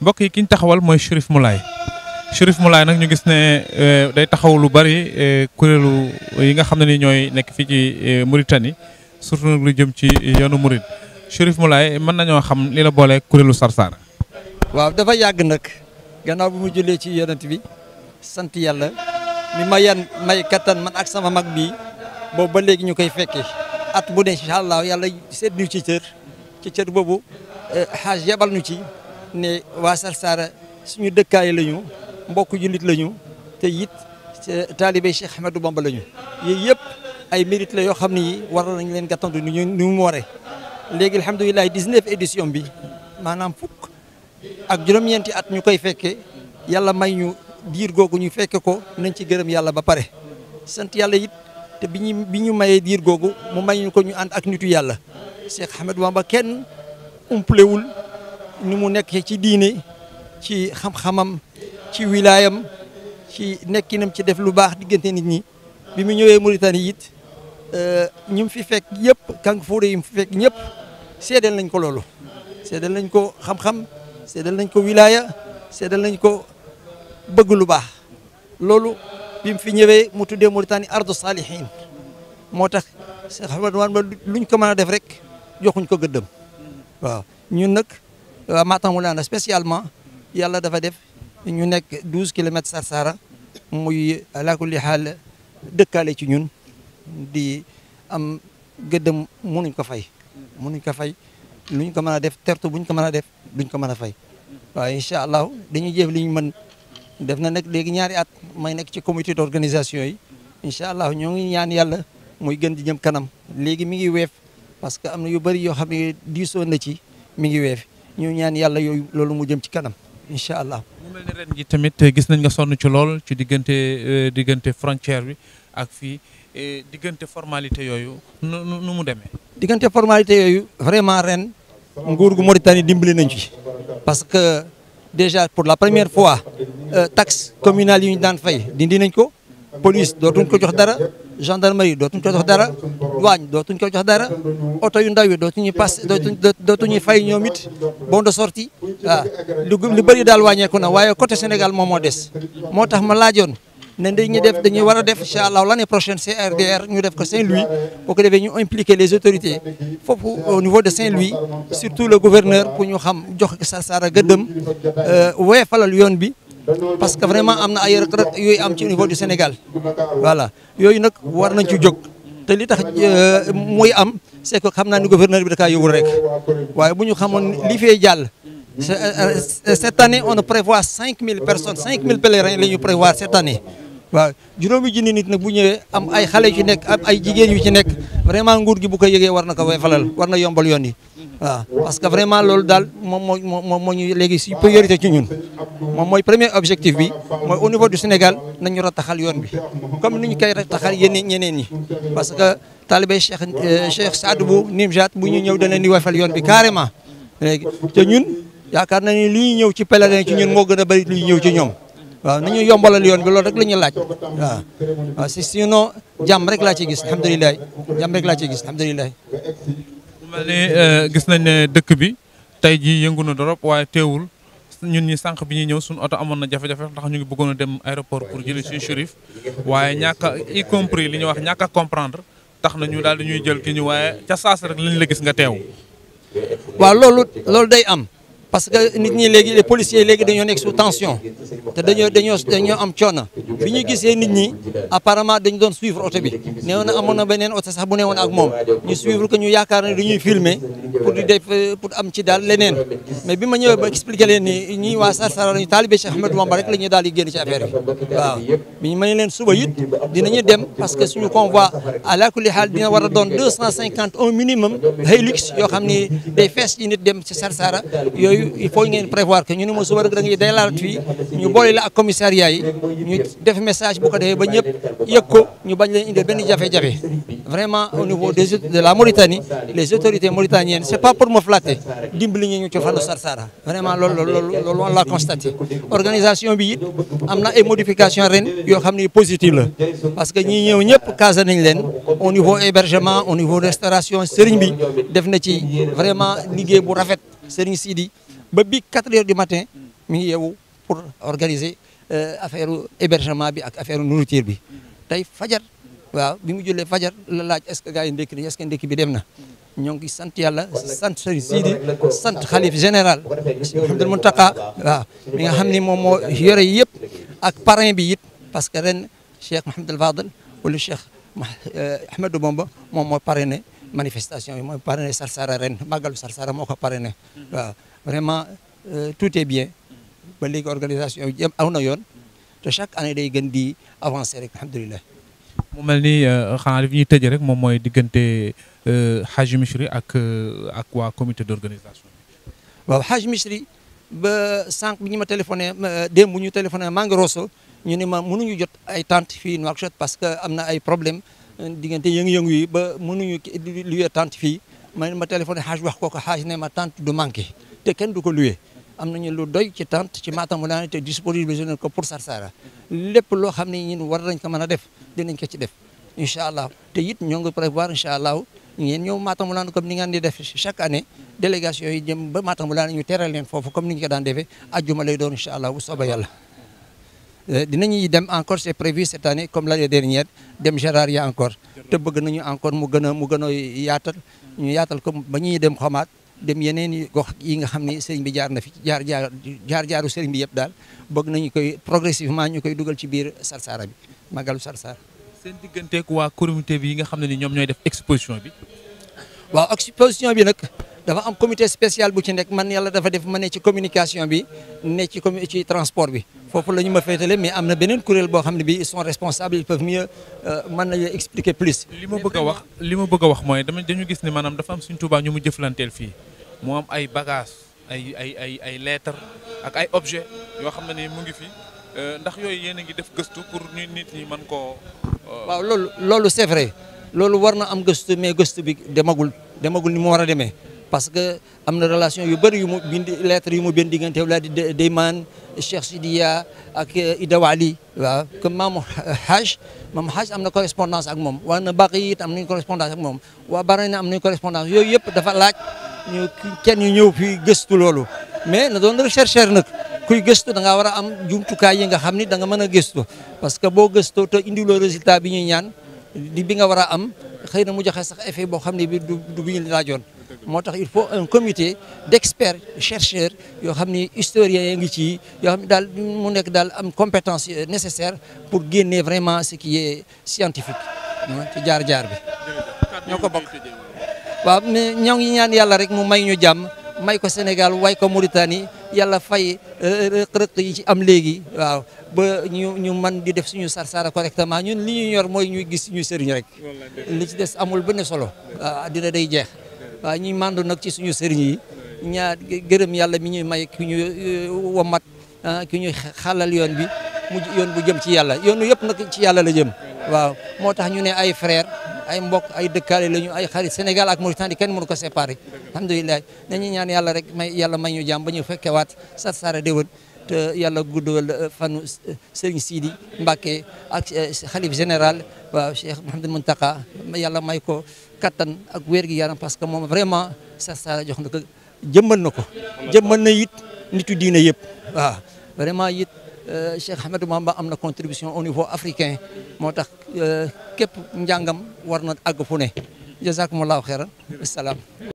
mbokk yi ki taxawal mooy Chérif Moulay Chérif Moulay nag ñu gis ne euh, day taxaw lu bari euh, kuréelu yi nga xam ne ni ñooy nekk fii ci euh, Mauritanie surtout nag lu jëm ci yoonu Mouride Chérif Moulay mën nañoo xam li la boole kuréelu Sarsara. waaw dafa yàgg nag gannaaw bi mu jullee ci yonent bi sant yàlla mi ma may kattan man ak sama mag bi boobu ba léegi ñu koy fekkee at bu ne incha allah yàlla seet ñu ci cër ci cër boobu xaaj yebal ñu ci. ne waa Sarsara suñu dëkkaay lañu mbokk jullit lañu te it taalibe Cheikh Ahmadou Bamba lañu yooyu yëpp ay mérite la yoo xam ne yi war nañ leen gàttandu ni ñu ni mu waree léegi alhamdulilah 19 édition bi maanaam fukk ak juróom-ñeenti at ñu koy fekkee yàlla may ñu diir googu ñu fekke ko nañ ci gërëm yàlla ba pare sant yàlla it te bi ñu bi ñu mayee diir googu mu may ñu ko ñu ànd ak nitu yàlla Cheikh Ahmadou Bamba kenn umpulewul ni mu nekk ci diine ci xam-xamam ci wilaayam ci nekkinam ci def lu baax diggante nit ñi bi mu ñëwee Mauritanie yit euh, ñi mu fi fekk yëpp kankufuure yi mu fi fekk ñëpp seedal nañ ko loolu seedal nañ ko xam-xam seedal nañ ko wilaaya seedal nañ ko bëgg lu baax loolu bi mu fi ñëwee mu tuddee Mauritanie ardu salihin moo tax Cheikh Ahmed luñ ko mën a def rek joxuñ ko gëddëm ñun nag Euh, Matam Wulana spécialement yàlla dafa def ñu nekk douze kilomètres Sarsara muy ala xaal dëkkaale ci ñun di am gëddëm mënuñ ko fay. mënuñ ko fay luñ ko mën a def tertu buñ ko mën a def duñ ko mën a fay waaye incha allah dañuy jëf li ñu mën def na nag léegi ñaari at may nekk ci comité d'organisation yi incha allah ñoo ngi ñaan yàlla muy gën di jëm kanam léegi mi ngi weef parce que am na yu bëri yoo xam ne diisoon na ci mi ngi weef ñu ñaan yàlla yooyu loolu mu jëm ci kanam incha allah. mu mel ne ren ji tamit gis nañ nga sonn ci lool ci diggante euh, diggante frontière bi ak fii diggante formalité yooyu nu nu mu demee. diggante formalité yooyu vraiment ren nguur gu Mauritanie dimbali nañ ci parce que déjà pour la première fois euh, taxe communale yi ñu daan fay dindi nañ ko police dootuñ ko jox dara. gendarmerie dootuñ ko jox dara waañ dootuñ ko jox dara oto yu ndaw yi dootuñu pass dootuñu fay ñoom it bon de sortie waaw lu lu bëri daal wàññeeku na waaye côté Sénégal moom moo des moo tax ma laajoon ne dañuy def dañuy war a def incha allah l'année prochaine CRDR ñu def ko Saint-Louis boo ko defee ñu impliquer les autorités foofu au niveau de Saint-Louis surtout le gouverneur pour ñu xam jox ko sa saara gëddëm euh, weefalal yoon bi parce que vraiment am na ay rëq-rëq yooyu am ci niveau du Sénégal voilà yooyu nag war nañ ci jóg te li tax euh, mooy am c'est que xam naa ni gouverneur bi da kaa rek waaye bu ñu xamoon li fee jàll euh, cette année on na prévoit cinq mille personnes cinq mille pèlerins la ñu prévoir cette année waaw juróomi junni nit nag bu ñëwee am ay xale yu ci nekk am ay jigéen yu ci nekk vraiment nguur gi bu ko yëgee war na ko falal war na yombal yoon yi waaw parce que vraiment loolu daal moom moo moom moo ñu léegi si priorité ci ñun moom mooy premier objectif bi mooy au niveau du Sénégal nañu rattaxal yoon bi comme ni ñu koy rattaxal yeneen ñeneen ñi parce que talibé Cheikh euh, Cheikh Saad bu Nimjat bu ñu ñëw da di wafal yoon bi carrément léegi te ñun yaakaar nañu lu ñuy ñëw ci pèlerin ci ñun moo gën a bëri li ñuy ñëw ci ñoom waaw nañu yombalal yoon bi loolu rek la ñuy laaj waaw waaw si sinon jàmm rek laa ci gis alhamdulilah jàmm rek laa ciy gis alhamdulilah. mu mel ni euh, gis nañ ne dëkk bi tey jii yëngu na dorop waaye teewul ñun ñi sanq bi ñuy ñëw suñu oto amoon na jafe-jafe ndax ñu ngi bëggoon a dem aéroport pour jëli suñu shérif waaye ñàkk a y compris li ñu wax ñàkk a comprendre tax na ñu daal di ñuy jël ki ñu waaye ca saas rek lañ la gis nga teew. waaw loolu loolu day am. parce que nit ñi léegi les policiers léegi dañoo nekk sous tension te dañoo dañoo dañoo am coono bi ñu gisee nit ñi apparemment dañu doon suivre oto bi neewoon na amoon na beneen oto sax bu newoon ak moom ñu suivre que ñu yaakaar na dañuy filmer pour di def pour am ci daal leneen mais bi ma ñëwee ba expliqué leen ni ñi waa Sarsara lañu taalibe Cheikh Ahmadou Bamba rek la daal di génn ci affaire bi waaw bi leen suba it dinañu dem parce que suñu convoi ala kulli haal dina war a doon deux yoo xam day fees yi dem ci yooyu yooyu il faut ngeen prévoir que ñu ne ma suba rek da day laalat fii ñu boole la ak commissariat yi ñu def message bu ko defee ba ñëpp yëg ñu bañ leen indil benn jafe-jafe vraiment au niveau de la Mauritanie les autorités mauritaniennes c'est pas pour me flatter dimbali ñu ci fànn Sarsara vraiment loolu loolu loolu on bi am na ay modification ren yoo xam ne positive parce que ñi ñëw ñëpp casé leen au niveau hébergement au niveau Serigne di ba bi 4 heures du matin mi ngi yeewu pour organiser euh, affaire hébergement bi ak affaire nourriture bi tey fajar waaw bi mu jullee fajar la laaj est-ce que gars yi bi dem na ñoo ngi sant yàlla sant Serigne Sidi sant xalif général Abdoul Mountakha mi nga xam ne moom moo yore yëpp ak parrain bi it parce que ren Cheikh Mouhamadul Fadel wala Cheikh euh, Ahmadou Bamba moom moo parrainé manifestation yi mooy parrainé Sarsara ren màggalu Sarsara moo ko parrainé waaw vraiment euh, tout es bien ba léegi organisation aw na yoon te chaque année day gën di avancer rek alhamdulilah. mu mel ni euh, xanaa li ñuy tëjee rek moom mooy diggante euh, Haji Misri ak ak waa comité d'organisation. waaw Haji Misri ba sànq bi ñu ma téléphoné démb bu ñu téléphoné maa ngi ñu ne ma mënuñu jot ay tant fi Nouakchott parce que am na ay problèmes. diggante yëngu-yëngu yi ba mënuñu luye tante fii ma ma téléphoné xaaj wax ko ko xaaj ne ma tante du manqué te kenn du ko luye am nañu lu doy ci tante ci Matam wala te disponibilisé nañ ko pour Sarsara lépp loo xam ne ñun war nañ ko mën a def dinañ ko ci def incha allah te it ñoo ngi prévoir incha allah ngeen ñëw Matamulana comme ni ngeen di def chaque année délégation yi jëm ba Matamulana ñu teral leen foofu comme ni ñu ko daan defee ajjuma lay doon Euh, dinañuy dem encore c'est prévu cette année comme l'année dernière dem Gérardmer encore te bëgg nañu encore mu gën a mu gën a yaatal ñu yaatal comme ba ñuy dem xomaat dem yeneen gox yi nga xam ne sëriñ bi jaar na fi jaar jaar jaar jaaru sëriñ bi yëpp daal bëgg nañu koy progressivement ñu koy dugal ci biir Sarsara bi magalu Sarsara. seen digganteeg waa comité bi yi nga xam ne ni ñoom ñooy def exposition bi. waaw exposition bi nag. dafa am comité spécial bu ci nekk man yàlla dafa def ma ne ci communication bi ne ci com ci transport bi foofu la ñu ma féetale mais am na beneen kuréel boo xam ne bi ils sont responsables ils peuvent mieux euh, mën nañu expliquer plus. li ma bëgg a wax li ma bëgg a wax mooy dama dañu gis ne maanaam dafa am suñ Tuubaa ñu mu jëflanteel fii mu am ay bagages ay ay ay ay lettres ak ay objet yoo xam ne mu ngi fi euh, ndax yooyu yéen a ngi def gëstu pour ñu nit ñi mën koo. Euh, waaw loolu loolu c'est loolu war na am gëstu mais gëstu bi demagul demagul ni mu war a demee. parce que am na relation yu bëri yu mu bind lettre yu mu bind diggante Wulaadi Deyman Cheikh Sidiya ak euh, Ida Wali waaw que Maam Haj Maam Haj am na correspondance ak moom waa na baq yi it am nañu correspondance ak moom waa na am nañu correspondance yooyu yëpp dafa laaj ñu kenn ñu ñëw fii gëstu loolu mais na doon rechercheur nag kuy gëstu da ngaa war a am jumtukaay yi nga xam ni da nga mën a gëstu parce que boo gëstoo te indiloo résultat bi ñuy ñaan di bi nga war a am xëy na mu joxe sax effet boo xam ne bi du bi ñu laajoon moo tax il faut un comité d'experts chercheurs yoo xam ni historiens yi ngi ci yoo xam ne daal mu nekk daal am compétence nécessaire pour génne vraiment ce qui est scientifique ci jaar-jaar bi ñoo ko bokk waaw mais ñoo ngi ñaan yàlla rek mu may ñu jàmm may ko Sénégal way ko Mauritanie yàlla fay rëq-rëq euh, yi ci am léegi waaw ba ñu ñu man di def suñu sarsara correctement ñu li ñu ñor mooy ñu gis suñu sëriñ rek li ci des amul benn solo dina day jeex waaw ñuy mandu nag ci suñu sëriñ yi ñaa gërëm yàlla mi ñuy may ki ñu eh, womat ah, ki ñu xalal yoon bi mu yoon bu jëm ci yàlla yoonu yëpp nag ci yàlla la jëm waaw moo tax ñu ne ay frère ay mbok ay dëkkaale lañu ay xarit Sénégal ak Mauritanie kenn mënu ko séparé na nañu ñaan yàlla rek may yàlla may ñu jàmm ba ñu fekkee fekkewaat sar sara déwén te euh, yàlla guddal euh, fanu euh, Serigne Sidi mbake ak xalif général waaw Cheikh Mouhamadou Mountakha yàlla may ko kattan ak wér gi yaram parce que moom vraiment sa sa jox na ko jëmmal na ko jëmmal na it nitu diine yëpp waaw vraiment it Cheikh Ahmadou Bamba am na contribution au niveau africain moo tax képp njàngam war na àgg fu ne jazakumullahu xeyran wasalaam